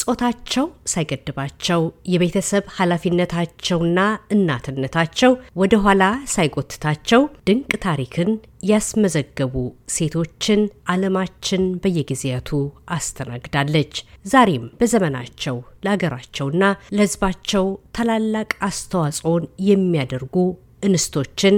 ጾታቸው ሳይገድባቸው የቤተሰብ ኃላፊነታቸውና እናትነታቸው ወደ ኋላ ሳይጎትታቸው ድንቅ ታሪክን ያስመዘገቡ ሴቶችን ዓለማችን በየጊዜያቱ አስተናግዳለች። ዛሬም በዘመናቸው ለአገራቸውና ለሕዝባቸው ታላላቅ አስተዋጽኦን የሚያደርጉ እንስቶችን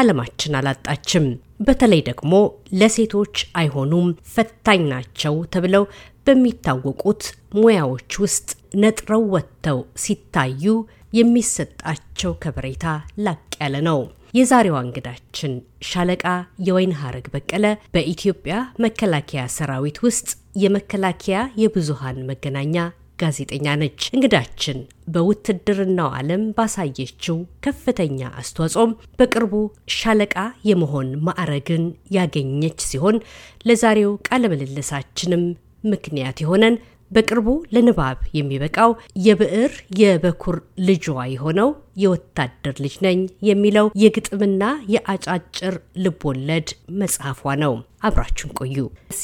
ዓለማችን አላጣችም። በተለይ ደግሞ ለሴቶች አይሆኑም፣ ፈታኝ ናቸው ተብለው በሚታወቁት ሙያዎች ውስጥ ነጥረው ወጥተው ሲታዩ የሚሰጣቸው ከበሬታ ላቅ ያለ ነው። የዛሬዋ እንግዳችን ሻለቃ የወይን ሀረግ በቀለ በኢትዮጵያ መከላከያ ሰራዊት ውስጥ የመከላከያ የብዙሃን መገናኛ ጋዜጠኛ ነች። እንግዳችን በውትድርናው ዓለም ባሳየችው ከፍተኛ አስተዋጽኦም በቅርቡ ሻለቃ የመሆን ማዕረግን ያገኘች ሲሆን ለዛሬው ቃለምልልሳችንም ምክንያት የሆነን በቅርቡ ለንባብ የሚበቃው የብዕር የበኩር ልጇ የሆነው የወታደር ልጅ ነኝ የሚለው የግጥምና የአጫጭር ልቦለድ መጽሐፏ ነው። አብራችን ቆዩ።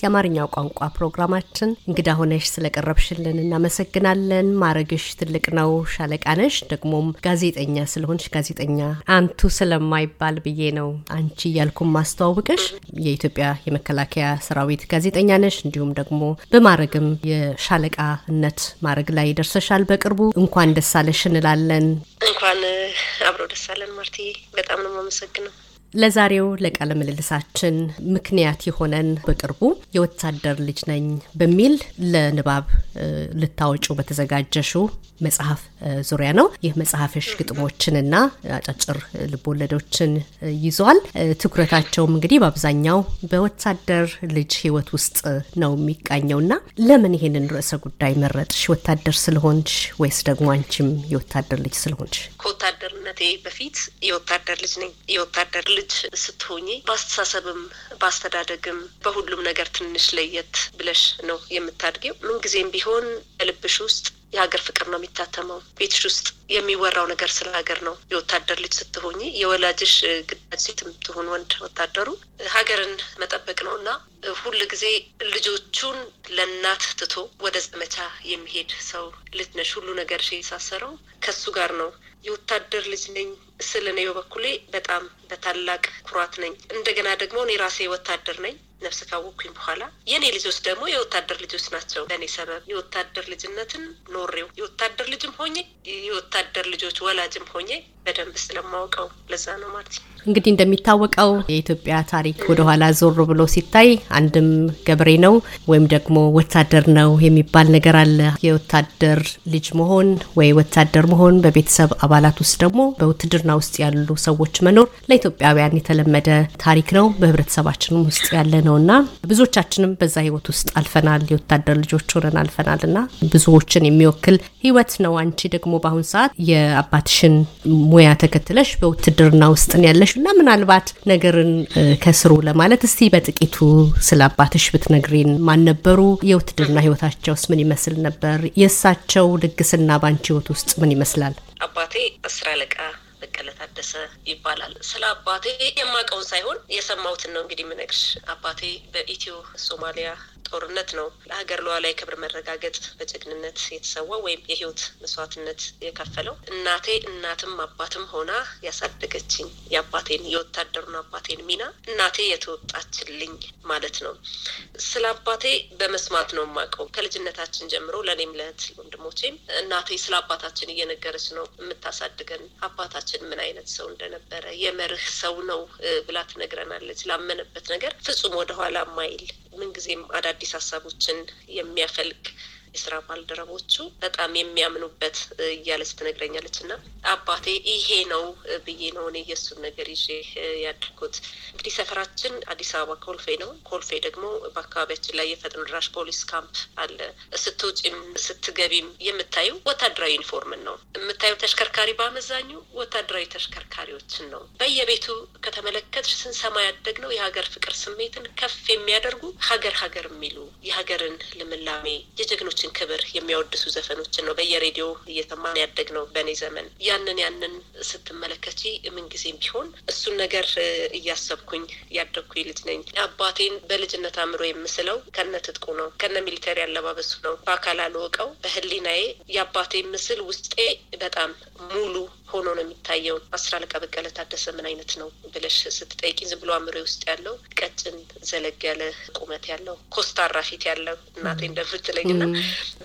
የአማርኛው ቋንቋ ፕሮግራማችን እንግዳ ሆነሽ ስለቀረብሽልን እናመሰግናለን። ማረግሽ ትልቅ ነው። ሻለቃነሽ ደግሞም ጋዜጠኛ ስለሆንሽ ጋዜጠኛ አንቱ ስለማይባል ብዬ ነው አንቺ እያልኩም ማስተዋወቅሽ። የኢትዮጵያ የመከላከያ ሰራዊት ጋዜጠኛ ነሽ። እንዲሁም ደግሞ በማረግም የሻለቃነት ማረግ ላይ ደርሰሻል። በቅርቡ እንኳን ደሳለሽ እንላለን። እንኳን አብረው ደስ አለን በጣም ነው የማመሰግነው። ለዛሬው ለቃለ ምልልሳችን ምክንያት የሆነን በቅርቡ የወታደር ልጅ ነኝ በሚል ለንባብ ልታወጩ በተዘጋጀሹ መጽሐፍ ዙሪያ ነው። ይህ መጽሐፍሽ ግጥሞችንና አጫጭር ልቦወለዶችን ይዟል። ትኩረታቸውም እንግዲህ በአብዛኛው በወታደር ልጅ ህይወት ውስጥ ነው የሚቃኘውና ለምን ይሄንን ርዕሰ ጉዳይ መረጥሽ? ወታደር ስለሆንሽ ወይስ ደግሞ አንቺም የወታደር ልጅ ስለሆንሽ? ከወታደርነቴ በፊት የወታደር ልጅ ነኝ። የወታደር ልጅ ስትሆኝ በአስተሳሰብም በአስተዳደግም በሁሉም ነገር ትንሽ ለየት ብለሽ ነው የምታድገው። ምንጊዜም ቢሆን ቢሆን ልብሽ ውስጥ የሀገር ፍቅር ነው የሚታተመው። ቤትሽ ውስጥ የሚወራው ነገር ስለ ሀገር ነው። የወታደር ልጅ ስትሆኝ የወላጅሽ ግዳጅ ሴትም ትሆን ወንድ ወታደሩ ሀገርን መጠበቅ ነው እና ሁል ጊዜ ልጆቹን ለእናት ትቶ ወደ ዘመቻ የሚሄድ ሰው ልጅ ነሽ። ሁሉ ነገር የሳሰረው ከሱ ጋር ነው። የወታደር ልጅ ነኝ ስል እኔ በበኩሌ በጣም በታላቅ ኩራት ነኝ። እንደገና ደግሞ እኔ ራሴ ወታደር ነኝ። ነፍስ ካወቅኩኝ በኋላ የኔ ልጆች ደግሞ የወታደር ልጆች ናቸው። ለእኔ ሰበብ የወታደር ልጅነትን ኖሬው የወታደር ልጅም ሆኜ የወታደር ልጆች ወላጅም ሆኜ በደንብ ስለማወቀው ለዛ ነው ማለት ነው። እንግዲህ እንደሚታወቀው የኢትዮጵያ ታሪክ ወደኋላ ዞር ብሎ ሲታይ አንድም ገበሬ ነው ወይም ደግሞ ወታደር ነው የሚባል ነገር አለ። የወታደር ልጅ መሆን ወይ ወታደር መሆን፣ በቤተሰብ አባላት ውስጥ ደግሞ በውትድርና ውስጥ ያሉ ሰዎች መኖር ለኢትዮጵያውያን የተለመደ ታሪክ ነው፣ በህብረተሰባችንም ውስጥ ያለ ነው እና ብዙዎቻችንም በዛ ህይወት ውስጥ አልፈናል። የወታደር ልጆች ሆነን አልፈናል እና ብዙዎችን የሚወክል ህይወት ነው። አንቺ ደግሞ በአሁን ሰዓት የአባትሽን ሙያ ተከትለሽ በውትድርና ውስጥ ያለሽ እና ምናልባት ነገርን ከስሩ ለማለት እስቲ በጥቂቱ ስለ አባትሽ ብትነግሪን። ማን ነበሩ? የውትድርና ህይወታቸውስ ምን ይመስል ነበር? የእሳቸው ልግስና ባንቺ ህይወት ውስጥ ምን ይመስላል? አባቴ እስራ ለቃ በቀለ ታደሰ ይባላል። ስለ አባቴ የማቀውን ሳይሆን የሰማሁትን ነው እንግዲህ ምነግር አባቴ በኢትዮ ሶማሊያ ጦርነት ነው ለሀገር ሉዓላዊ ክብር መረጋገጥ በጀግንነት የተሰዋው ወይም የህይወት መስዋዕትነት የከፈለው እናቴ እናትም አባትም ሆና ያሳደገችኝ የአባቴን የወታደሩን አባቴን ሚና እናቴ የተወጣችልኝ ማለት ነው። ስለ አባቴ በመስማት ነው የማውቀው። ከልጅነታችን ጀምሮ ለእኔም ለእህት ወንድሞቼም እናቴ ስለ አባታችን እየነገረች ነው የምታሳድገን። አባታችን ምን አይነት ሰው እንደነበረ የመርህ ሰው ነው ብላ ትነግረናለች። ላመነበት ነገር ፍጹም ወደኋላ ማይል ምንጊዜም አዳዲስ ሀሳቦችን የሚያፈልግ የስራ ባልደረቦቹ በጣም የሚያምኑበት እያለች ትነግረኛለች። እና አባቴ ይሄ ነው ብዬ ነው እኔ የእሱን ነገር ይዤ ያደርኩት። እንግዲህ ሰፈራችን አዲስ አበባ ኮልፌ ነው። ኮልፌ ደግሞ በአካባቢያችን ላይ የፈጥኖ ደራሽ ፖሊስ ካምፕ አለ። ስትውጪም ስትገቢም የምታዩ ወታደራዊ ዩኒፎርምን ነው የምታዩ። ተሽከርካሪ በአመዛኙ ወታደራዊ ተሽከርካሪዎችን ነው። በየቤቱ ከተመለከትሽ ስንሰማ ያደግ ነው የሀገር ፍቅር ስሜትን ከፍ የሚያደርጉ ሀገር ሀገር የሚሉ የሀገርን ልምላሜ የጀግኖች የሀገራችን ክብር የሚያወድሱ ዘፈኖችን ነው በየሬዲዮ እየሰማን ያደግ ነው። በእኔ ዘመን ያንን ያንን ስትመለከች ምንጊዜም ቢሆን እሱን ነገር እያሰብኩኝ ያደግኩ ልጅ ነኝ። አባቴን በልጅነት አእምሮ የምስለው ከነ ትጥቁ ነው፣ ከነ ሚሊተሪ አለባበሱ ነው። በአካል አልወቀው በህሊናዬ የአባቴ ምስል ውስጤ በጣም ሙሉ ሆኖ ነው የሚታየው። አለቃ በቀለ ታደሰ ምን አይነት ነው ብለሽ ስትጠይቂ ዝም ብሎ አእምሮ ውስጥ ያለው ቀጭን ዘለግ ያለ ቁመት ያለው ኮስታራ ፊት ያለው እናቴ እንደምትለኝ እና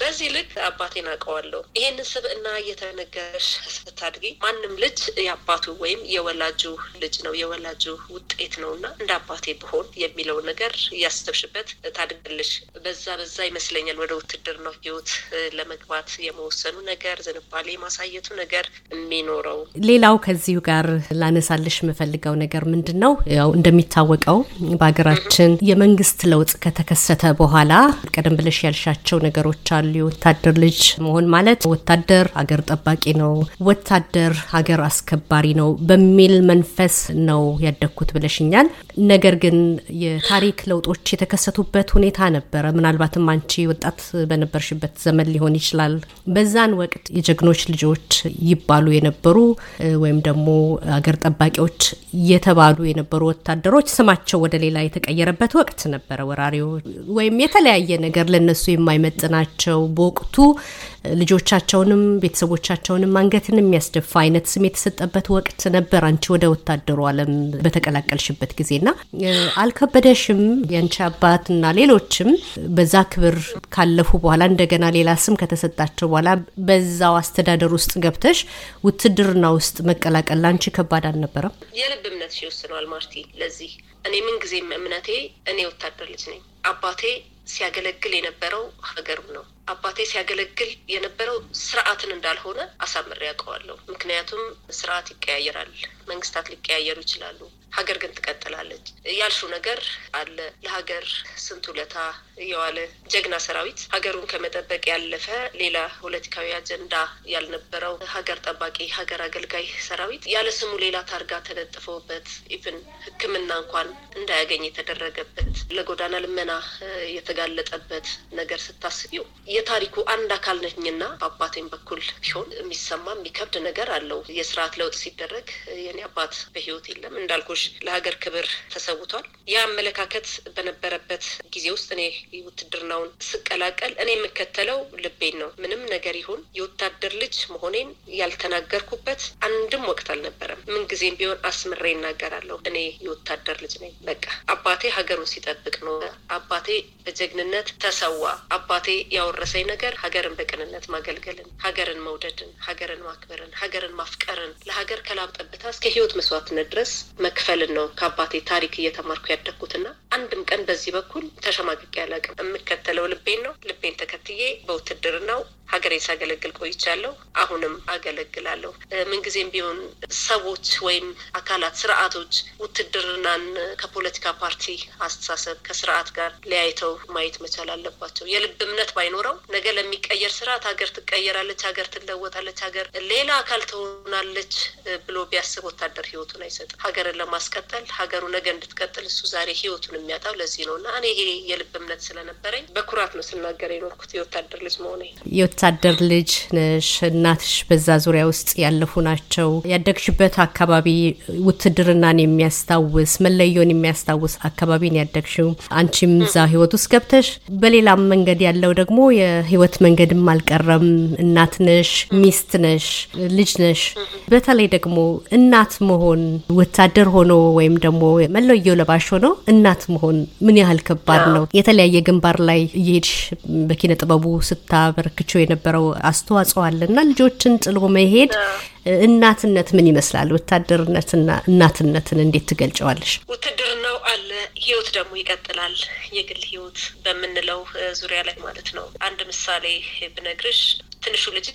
በዚህ ልክ አባቴን አውቀዋለሁ። ስብ ስብዕና እየተነገረሽ ስታድጊ ማንም ልጅ የአባቱ ወይም የወላጁ ልጅ ነው የወላጁ ውጤት ነው እና እንደ አባቴ ብሆን የሚለው ነገር እያሰብሽበት ታድጋለሽ። በዛ በዛ ይመስለኛል ወደ ውትድርና ህይወት ለመግባት የመወሰኑ ነገር ዝንባሌ የማሳየቱ ነገር የሚኖር የሚኖረው። ሌላው ከዚሁ ጋር ላነሳልሽ የምፈልገው ነገር ምንድን ነው? ያው እንደሚታወቀው በሀገራችን የመንግስት ለውጥ ከተከሰተ በኋላ ቀደም ብለሽ ያልሻቸው ነገሮች አሉ። የወታደር ልጅ መሆን ማለት ወታደር ሀገር ጠባቂ ነው፣ ወታደር ሀገር አስከባሪ ነው በሚል መንፈስ ነው ያደግኩት ብለሽኛል። ነገር ግን የታሪክ ለውጦች የተከሰቱበት ሁኔታ ነበረ። ምናልባትም አንቺ ወጣት በነበርሽበት ዘመን ሊሆን ይችላል። በዛን ወቅት የጀግኖች ልጆች ይባሉ የነበ የነበሩ ወይም ደግሞ አገር ጠባቂዎች የተባሉ የነበሩ ወታደሮች ስማቸው ወደ ሌላ የተቀየረበት ወቅት ነበረ። ወራሪው ወይም የተለያየ ነገር ለነሱ የማይመጥናቸው በወቅቱ ልጆቻቸውንም ቤተሰቦቻቸውንም አንገትን የሚያስደፋ አይነት ስም የተሰጠበት ወቅት ነበር። አንቺ ወደ ወታደሩ ዓለም በተቀላቀልሽበት ጊዜና አልከበደሽም የአንቺ አባት ሌሎችም በዛ ክብር ካለፉ በኋላ እንደገና ሌላ ስም ከተሰጣቸው በኋላ በዛው አስተዳደር ውስጥ ገብተሽ ውት ውትድርና ውስጥ መቀላቀል ላንቺ ከባድ አልነበረም? የልብ እምነት ይወስነዋል ማርቲ። ለዚህ እኔ ምንጊዜም እምነቴ እኔ ወታደር ልጅ ነኝ። አባቴ ሲያገለግል የነበረው ሀገሩ ነው። አባቴ ሲያገለግል የነበረው ስርዓትን እንዳልሆነ አሳምሬ ያውቀዋለሁ። ምክንያቱም ስርዓት ይቀያየራል፣ መንግስታት ሊቀያየሩ ይችላሉ። ሀገር ግን ትቀጥላለች። ያልሹ ነገር አለ። ለሀገር ስንት ውለታ የዋለ ጀግና ሰራዊት ሀገሩን ከመጠበቅ ያለፈ ሌላ ፖለቲካዊ አጀንዳ ያልነበረው ሀገር ጠባቂ፣ ሀገር አገልጋይ ሰራዊት ያለ ስሙ ሌላ ታርጋ ተለጥፎበት ኢቭን ሕክምና እንኳን እንዳያገኝ የተደረገበት ለጎዳና ልመና የተጋለጠበት ነገር ስታስቢው የታሪኩ አንድ አካል ነኝና በአባቴም በኩል ቢሆን የሚሰማ የሚከብድ ነገር አለው። የስርዓት ለውጥ ሲደረግ የኔ አባት በህይወት የለም እንዳልኩ ሰዎች ለሀገር ክብር ተሰውቷል። ያ አመለካከት በነበረበት ጊዜ ውስጥ እኔ ውትድርናውን ስቀላቀል እኔ የምከተለው ልቤን ነው። ምንም ነገር ይሁን የወታደር ልጅ መሆኔን ያልተናገርኩበት አንድም ወቅት አልነበረም። ምንጊዜም ቢሆን አስምሬ ይናገራለሁ። እኔ የወታደር ልጅ ነኝ። በቃ አባቴ ሀገሩን ሲጠብቅ ነው። አባቴ በጀግንነት ተሰዋ። አባቴ ያወረሰኝ ነገር ሀገርን በቅንነት ማገልገልን፣ ሀገርን መውደድን፣ ሀገርን ማክበርን፣ ሀገርን ማፍቀርን ለሀገር ከላብ ጠብታ እስከ ህይወት መስዋዕትነት ድረስ መክፈል መክፈልን ነው ከአባቴ ታሪክ እየተማርኩ ያደግኩትና አንድም ቀን በዚህ በኩል ተሸማቅቄ አላውቅም። የምከተለው ልቤን ነው። ልቤን ተከትዬ በውትድርናው ሀገሬ ሳገለግል ቆይቻለሁ። አሁንም አገለግላለሁ። ምንጊዜም ቢሆን ሰዎች ወይም አካላት፣ ስርዓቶች ውትድርናን ከፖለቲካ ፓርቲ አስተሳሰብ ከስርዓት ጋር ሊያይተው ማየት መቻል አለባቸው። የልብ እምነት ባይኖረው ነገ ለሚቀየር ስርዓት ሀገር ትቀየራለች፣ ሀገር ትለወጣለች፣ ሀገር ሌላ አካል ትሆናለች ብሎ ቢያስብ ወታደር ህይወቱን አይሰጥም። ሀገርን ለማስቀጠል ሀገሩ ነገ እንድትቀጥል እሱ ዛሬ ህይወቱን የሚያጣው ለዚህ ነው እና እኔ ይሄ የልብ እምነት ስለነበረኝ በኩራት ነው ስናገር የኖርኩት የወታደር ልጅ መሆኔ። የነፍስ ልጅ ነሽ። እናትሽ በዛ ዙሪያ ውስጥ ያለፉ ናቸው። ያደግሽበት አካባቢ ውትድርናን የሚያስታውስ መለዮን የሚያስታውስ አካባቢን ያደግሽው አንቺም እዛ ህይወት ውስጥ ገብተሽ በሌላም መንገድ ያለው ደግሞ የህይወት መንገድም አልቀረም። እናት ነሽ፣ ሚስት ነሽ፣ ልጅ ነሽ። በተለይ ደግሞ እናት መሆን ወታደር ሆኖ ወይም ደግሞ መለዮ ለባሽ ሆኖ እናት መሆን ምን ያህል ከባድ ነው? የተለያየ ግንባር ላይ እየሄድሽ በኪነ ጥበቡ ስታበረክቸው የነበረው አስተዋጽኦ አለና ልጆችን ጥሎ መሄድ እናትነት ምን ይመስላል? ወታደርነትና እናትነትን እንዴት ትገልጨዋለሽ? ውትድርናው አለ፣ ህይወት ደግሞ ይቀጥላል። የግል ህይወት በምንለው ዙሪያ ላይ ማለት ነው። አንድ ምሳሌ ብነግርሽ ትንሹ ልጅ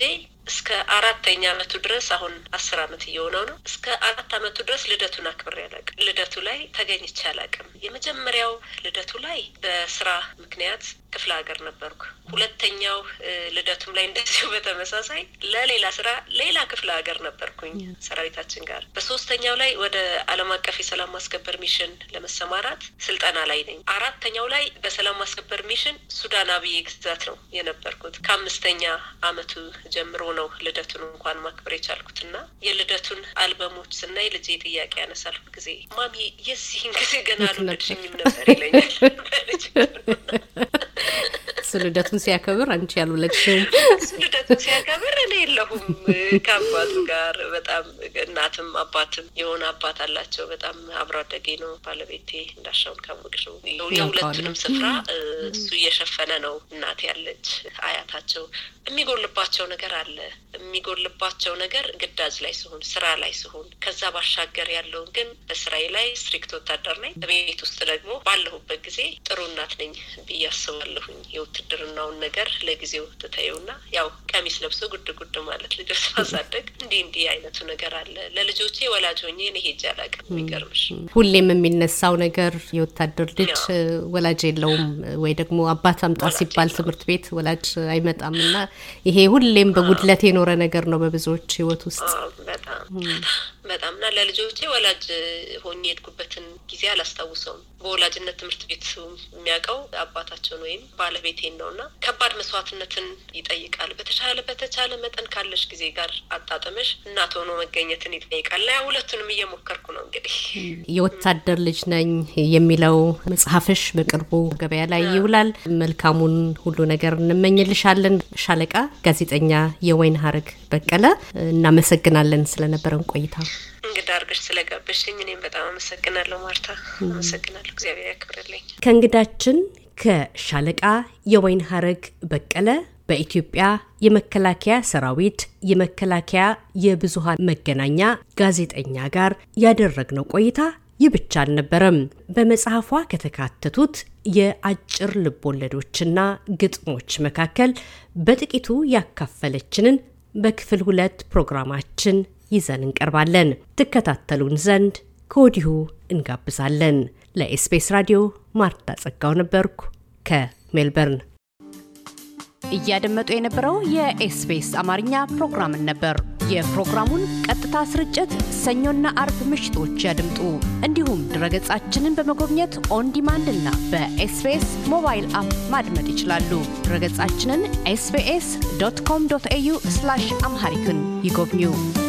እስከ አራተኛ አመቱ ድረስ አሁን አስር አመት እየሆነው ነው። እስከ አራት አመቱ ድረስ ልደቱን አክብሬ አላውቅም። ልደቱ ላይ ተገኝቼ አላውቅም። የመጀመሪያው ልደቱ ላይ በስራ ምክንያት ክፍለ ሀገር ነበርኩ። ሁለተኛው ልደቱም ላይ እንደዚሁ በተመሳሳይ ለሌላ ስራ ሌላ ክፍለ ሀገር ነበርኩኝ ሰራዊታችን ጋር። በሶስተኛው ላይ ወደ አለም አቀፍ የሰላም ማስከበር ሚሽን ለመሰማራት ስልጠና ላይ ነኝ። አራተኛው ላይ በሰላም ማስከበር ሚሽን ሱዳን አብዬ ግዛት ነው የነበርኩት ከአምስተኛ አመቱ ጀምሮ ነው ልደቱን እንኳን ማክበር የቻልኩትና የልደቱን አልበሞች ስናይ ልጄ ጥያቄ ያነሳል ጊዜ ማሚ የዚህን ጊዜ ገና አልወለድሽኝም ነበር ይለኛል። እሱ ልደቱን ሲያከብር አንቺ ያልወለድሽም እሱ ልደቱን ሲያከብር እኔ የለሁም ከአባቱ ጋር በጣም እናትም አባትም የሆነ አባት አላቸው። በጣም አብሮ አደጌ ነው ባለቤቴ እንዳሻውን ካወቅሽው የሁለቱንም ስፍራ እሱ እየሸፈነ ነው። እናት ያለች አያታቸው የሚጎልባቸው ነገር አለ። የሚጎልባቸው ነገር ግዳጅ ላይ ሲሆን፣ ስራ ላይ ሲሆን፣ ከዛ ባሻገር ያለውን ግን በስራዬ ላይ ስትሪክት ወታደር ነኝ። በቤት ውስጥ ደግሞ ባለሁበት ጊዜ ጥሩ እናት ነኝ ብዬ አስባለሁኝ። ውትድርናውን ነገር ለጊዜው ና ያው ቀሚስ ለብሶ ጉድ ጉድ ማለት ልጆች ማሳደግ እንዲህ እንዲህ አይነቱ ነገር አለ። ለልጆቼ ወላጅ ሆኜ እኔ ሄጄ አላውቅም። የሚገርምሽ ሁሌም የሚነሳው ነገር የወታደር ልጅ ወላጅ የለውም ወይ ደግሞ አባት አምጣ ሲባል ትምህርት ቤት ወላጅ አይመጣም እና ይሄ ሁሌም በጉድለት የኖረ ነገር ነው በብዙዎች ህይወት ውስጥ በጣም በጣም እና ለልጆቼ ወላጅ ሆኜ የሄድኩበትን ጊዜ አላስታውሰውም። በወላጅነት ትምህርት ቤት የሚያውቀው አባታቸውን ወይም ባለቤቴን ነው እና ከባድ መስዋዕትነትን ይጠይቃል። በተቻለ በተቻለ መጠን ካለሽ ጊዜ ጋር አጣጥመሽ እናት ሆኖ መገኘትን ይጠይቃል። ና ሁለቱንም እየሞከርኩ ነው። እንግዲህ የወታደር ልጅ ነኝ የሚለው መጽሐፍሽ በቅርቡ ገበያ ላይ ይውላል። መልካሙን ሁሉ ነገር እንመኝልሻለን። ሻለቃ ጋዜጠኛ የወይን ሀረግ በቀለ እናመሰግናለን ስለነበረን ቆይታ። እንግዳ አድርገሽ ስለጋበሽኝ እኔም በጣም አመሰግናለሁ ማርታ። አመሰግናለሁ። እግዚአብሔር ያክብርልኝ። ከእንግዳችን ከሻለቃ የወይን ሀረግ በቀለ በኢትዮጵያ የመከላከያ ሰራዊት የመከላከያ የብዙሃን መገናኛ ጋዜጠኛ ጋር ያደረግነው ቆይታ ይህ ብቻ አልነበረም። በመጽሐፏ ከተካተቱት የአጭር ልቦለዶችና ግጥሞች መካከል በጥቂቱ ያካፈለችንን በክፍል ሁለት ፕሮግራማችን ይዘን እንቀርባለን። ትከታተሉን ዘንድ ከወዲሁ እንጋብዛለን። ለኤስፔስ ራዲዮ ማርታ ጸጋው ነበርኩ ከሜልበርን። እያደመጡ የነበረው የኤስፔስ አማርኛ ፕሮግራምን ነበር። የፕሮግራሙን ቀጥታ ስርጭት ሰኞና አርብ ምሽቶች ያድምጡ። እንዲሁም ድረገጻችንን በመጎብኘት ኦን ዲማንድ እና በኤስቢኤስ ሞባይል አፕ ማድመጥ ይችላሉ። ድረገጻችንን ኤስቢኤስ ዶት ኮም ዶት ኤዩ አምሃሪክን ይጎብኙ።